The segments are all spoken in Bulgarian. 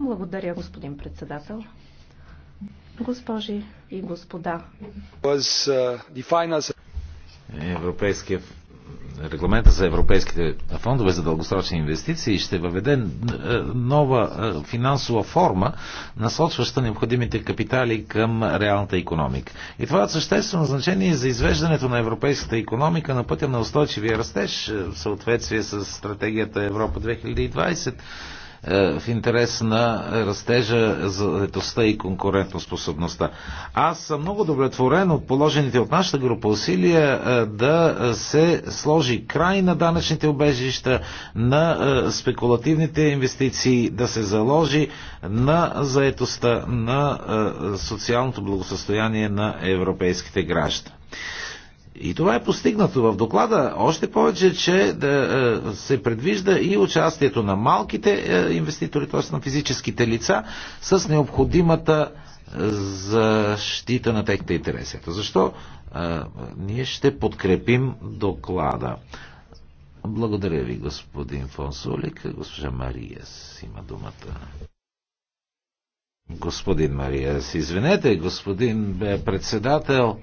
Благодаря, господин председател. Госпожи и господа. Uh, Европейският регламента за европейските фондове за дългосрочни инвестиции ще въведе е, нова е, финансова форма, насочваща необходимите капитали към реалната економика. И това е съществено значение за извеждането на европейската економика на пътя на устойчивия растеж е, в съответствие с стратегията Европа 2020 е, в интерес на растежа, заедостта и конкурентоспособността. Аз съм много удовлетворен от положените от нашата група усилия е, да се сложи край на данъчните обежища, на е, спекулативните инвестиции, да се заложи на заедостта, на социалното благосъстояние на европейските граждани. И това е постигнато в доклада, още повече, че да, е, се предвижда и участието на малките е, инвеститори, т.е. на физическите лица, с необходимата е, защита на техните интереси. Защо а, ние ще подкрепим доклада? Благодаря ви, господин Фонсолик. Госпожа Мария има думата. Господин Мария, извинете, господин председател.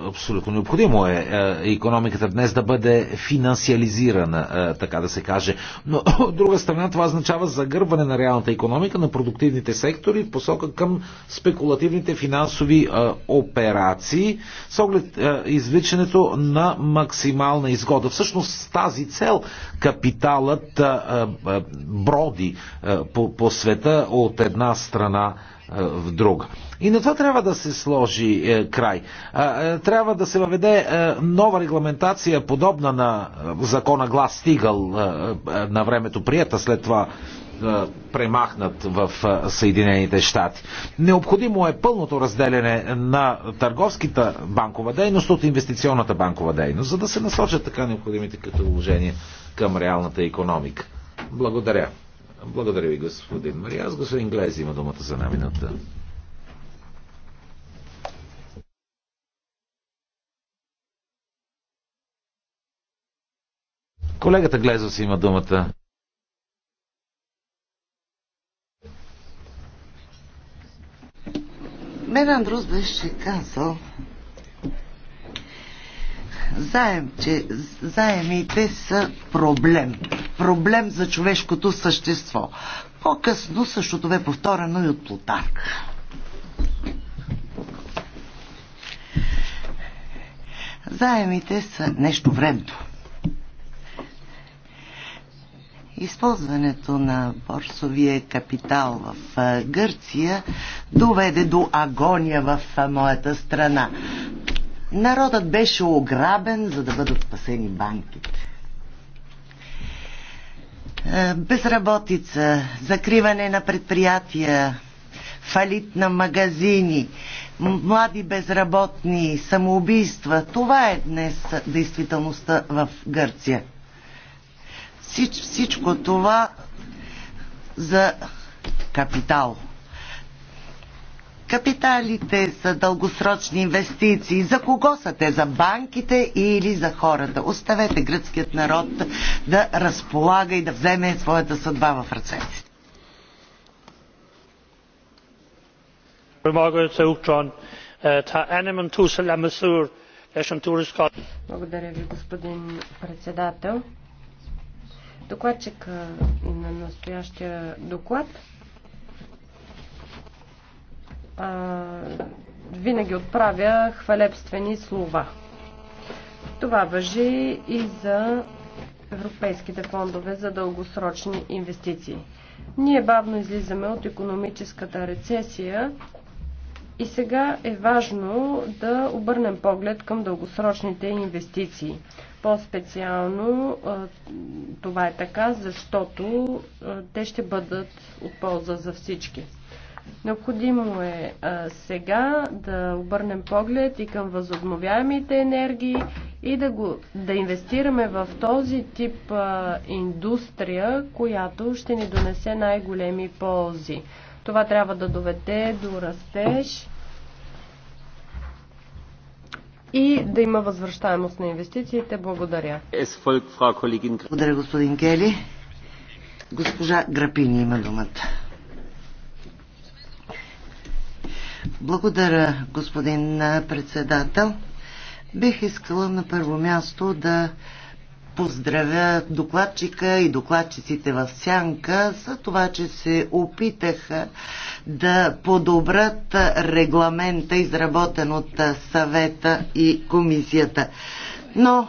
Абсолютно необходимо е економиката днес да бъде финансиализирана, е, така да се каже. Но от друга страна това означава загърбване на реалната економика, на продуктивните сектори в посока към спекулативните финансови е, операции с оглед е, извличането на максимална изгода. Всъщност с тази цел капиталът броди по света от една страна в друга. И на това трябва да се сложи е, край. Е, трябва да се въведе е, нова регламентация, подобна на закона глас стигал на времето прията, след това премахнат в Съединените щати. Необходимо е пълното разделяне на търговската банкова дейност от инвестиционната банкова дейност, за да се насочат така необходимите като вложения към реалната економика. Благодаря. Благодаря ви, господин Мариас. Господин Глез има думата за една минута. Колегата си има думата. Мен Андрус беше казал, Заем, че заемите са проблем. Проблем за човешкото същество. По-късно същото бе повторено и от Плутарк. Заемите са нещо времето. Използването на борсовия капитал в Гърция доведе до агония в моята страна. Народът беше ограбен, за да бъдат спасени банките. Е, безработица, закриване на предприятия, фалит на магазини, млади безработни, самоубийства. Това е днес действителността в Гърция. Всич, всичко това за капитал. Капиталите са дългосрочни инвестиции. За кого са те? За банките или за хората? Оставете гръцкият народ да разполага и да вземе своята съдба в ръцете. Благодаря ви, господин председател. Докладчик на настоящия доклад а, винаги отправя хвалебствени слова. Това въжи и за европейските фондове за дългосрочни инвестиции. Ние бавно излизаме от економическата рецесия и сега е важно да обърнем поглед към дългосрочните инвестиции. По-специално това е така, защото те ще бъдат от полза за всички. Необходимо е а, сега да обърнем поглед и към възобновяемите енергии и да, го, да инвестираме в този тип а, индустрия, която ще ни донесе най-големи ползи. Това трябва да доведе до растеж и да има възвръщаемост на инвестициите. Благодаря. Благодаря, господин Кели. Госпожа Грапини има думата. Благодаря, господин председател. Бих искала на първо място да поздравя докладчика и докладчиците в Сянка за това, че се опитаха да подобрат регламента, изработен от съвета и комисията. Но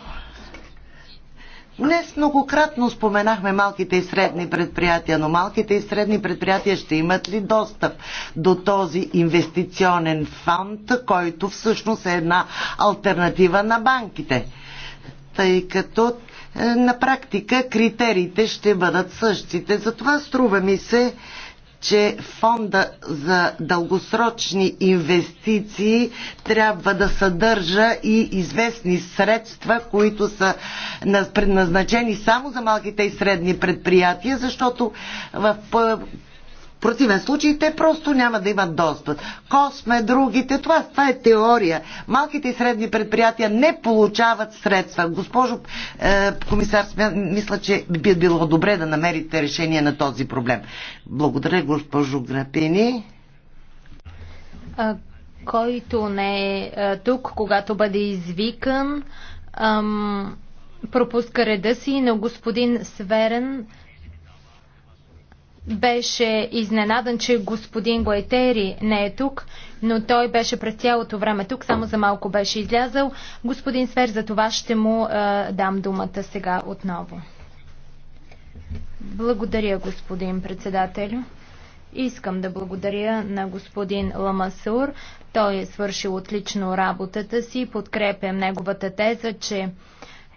Днес многократно споменахме малките и средни предприятия, но малките и средни предприятия ще имат ли достъп до този инвестиционен фонд, който всъщност е една альтернатива на банките? Тъй като е, на практика критериите ще бъдат същите. Затова струва ми се, че фонда за дългосрочни инвестиции трябва да съдържа и известни средства, които са предназначени само за малките и средни предприятия, защото в в противен случай те просто няма да имат достъп. Косме, другите, това, това е теория. Малките и средни предприятия не получават средства. Госпожо е, комисар, мисля, че би било добре да намерите решение на този проблем. Благодаря, госпожо Грапини. който не е тук, когато бъде извикан, ам, пропуска реда си на господин Сверен беше изненадан, че господин Гуайтери не е тук, но той беше през цялото време тук, само за малко беше излязъл. Господин Свер, за това ще му е, дам думата сега отново. Благодаря, господин председател. Искам да благодаря на господин Ламасур. Той е свършил отлично работата си. Подкрепям неговата теза, че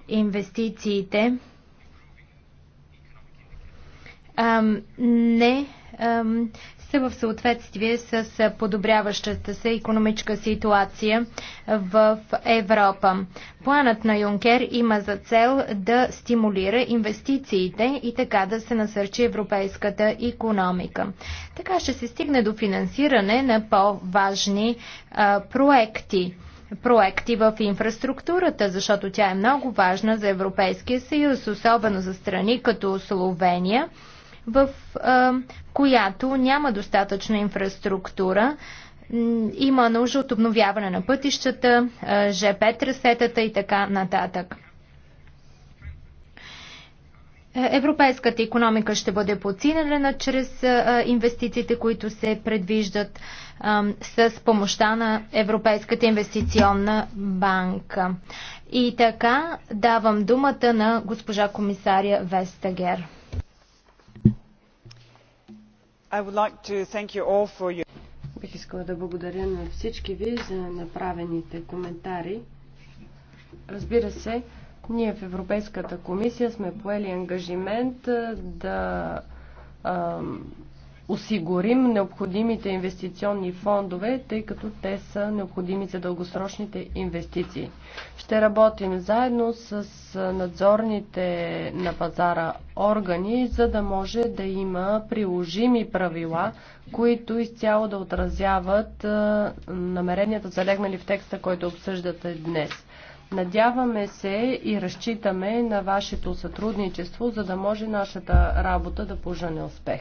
инвестициите не са в съответствие с подобряващата се економическа ситуация в Европа. Планът на Юнкер има за цел да стимулира инвестициите и така да се насърчи европейската економика. Така ще се стигне до финансиране на по-важни проекти проекти в инфраструктурата, защото тя е много важна за Европейския съюз, особено за страни като Словения, в а, която няма достатъчно инфраструктура. Има нужда от обновяване на пътищата, ЖП трасетата и така нататък. Е, европейската економика ще бъде подсилена чрез инвестициите, които се предвиждат с помощта на Европейската инвестиционна банка. И така давам думата на госпожа комисаря Вестагер. Бих искала да благодаря на всички ви за направените коментари. Разбира се, ние в Европейската комисия сме поели ангажимент да осигурим необходимите инвестиционни фондове, тъй като те са необходими за дългосрочните инвестиции. Ще работим заедно с надзорните на пазара органи, за да може да има приложими правила, които изцяло да отразяват намеренията залегнали в текста, който обсъждате днес. Надяваме се и разчитаме на вашето сътрудничество, за да може нашата работа да пожене успех.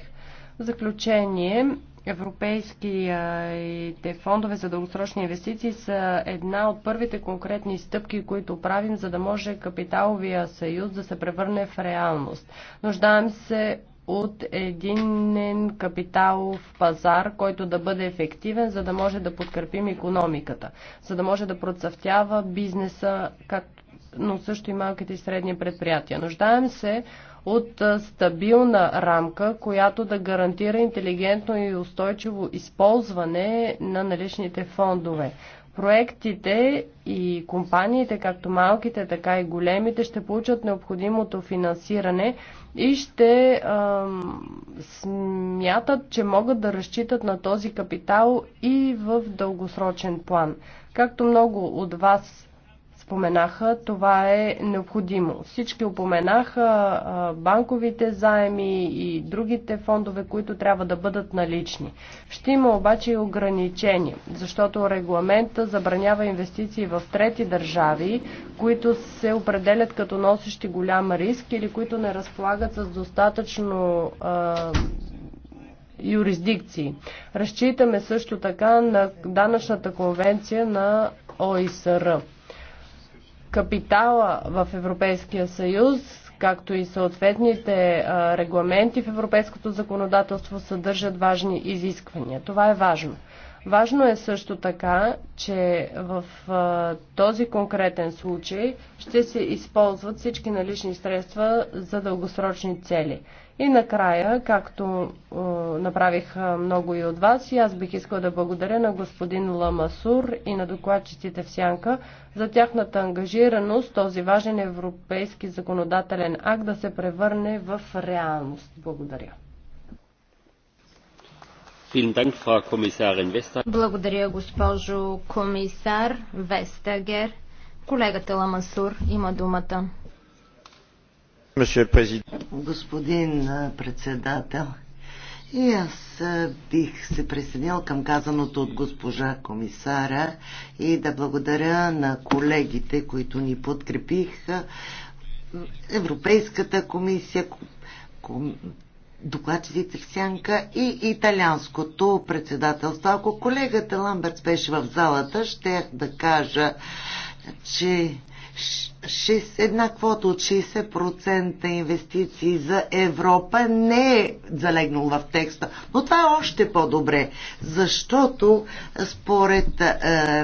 В заключение, Европейските фондове за дългосрочни инвестиции са една от първите конкретни стъпки, които правим, за да може капиталовия съюз да се превърне в реалност. Нуждаем се от единен капиталов пазар, който да бъде ефективен, за да може да подкрепим економиката, за да може да процъфтява бизнеса, но също и малките и средни предприятия. Нуждаем се от стабилна рамка, която да гарантира интелигентно и устойчиво използване на наличните фондове. Проектите и компаниите, както малките, така и големите, ще получат необходимото финансиране и ще ам, смятат, че могат да разчитат на този капитал и в дългосрочен план. Както много от вас споменаха, това е необходимо. Всички упоменаха банковите заеми и другите фондове, които трябва да бъдат налични. Ще има обаче и ограничения, защото регламента забранява инвестиции в трети държави, които се определят като носещи голям риск или които не разполагат с достатъчно юрисдикции. Разчитаме също така на данъчната конвенция на ОИСР капитала в Европейския съюз, както и съответните регламенти в европейското законодателство съдържат важни изисквания. Това е важно. Важно е също така, че в а, този конкретен случай ще се използват всички налични средства за дългосрочни цели. И накрая, както а, направих а, много и от вас, и аз бих искал да благодаря на господин Ламасур и на докладчиците в Сянка за тяхната ангажираност този важен европейски законодателен акт да се превърне в реалност. Благодаря. Благодаря, госпожо комисар Вестагер. Колегата Ламасур има думата. Господин председател, и аз бих се присъединил към казаното от госпожа комисара и да благодаря на колегите, които ни подкрепиха, Европейската комисия, докладчиците в Сянка и италианското председателство. Ако колегата Ламберт беше в залата, ще да кажа, че една квота от 60% инвестиции за Европа не е залегнал в текста. Но това е още по-добре, защото според е,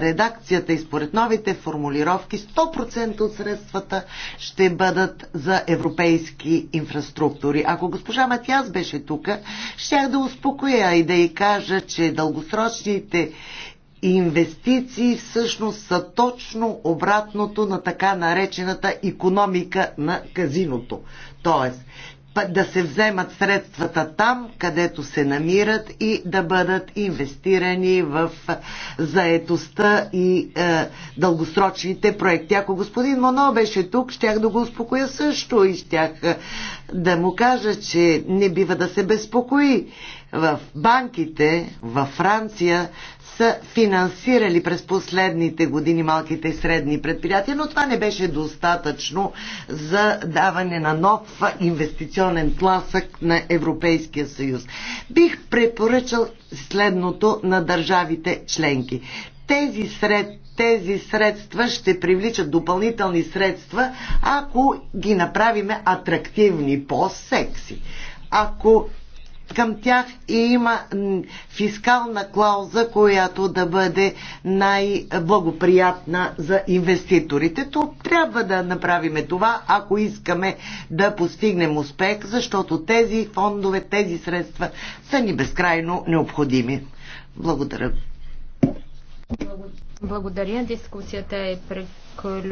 редакцията и според новите формулировки 100% от средствата ще бъдат за европейски инфраструктури. Ако госпожа Матяс беше тук, щях да успокоя и да й кажа, че дългосрочните инвестиции всъщност са точно обратното на така наречената економика на казиното. Тоест, да се вземат средствата там, където се намират и да бъдат инвестирани в заетостта и е, дългосрочните проекти. Ако господин Моно беше тук, щях да го успокоя също и щях да му кажа, че не бива да се безпокои. В банките във Франция са финансирали през последните години малките и средни предприятия, но това не беше достатъчно за даване на нов инвестиционен тласък на Европейския съюз. Бих препоръчал следното на държавите членки. Тези сред тези средства ще привличат допълнителни средства, ако ги направиме атрактивни, по-секси. Ако към тях и има фискална клауза, която да бъде най-благоприятна за инвеститорите. То трябва да направиме това, ако искаме да постигнем успех, защото тези фондове, тези средства са ни безкрайно необходими. Благодаря. Благодаря. Дискусията е приключена.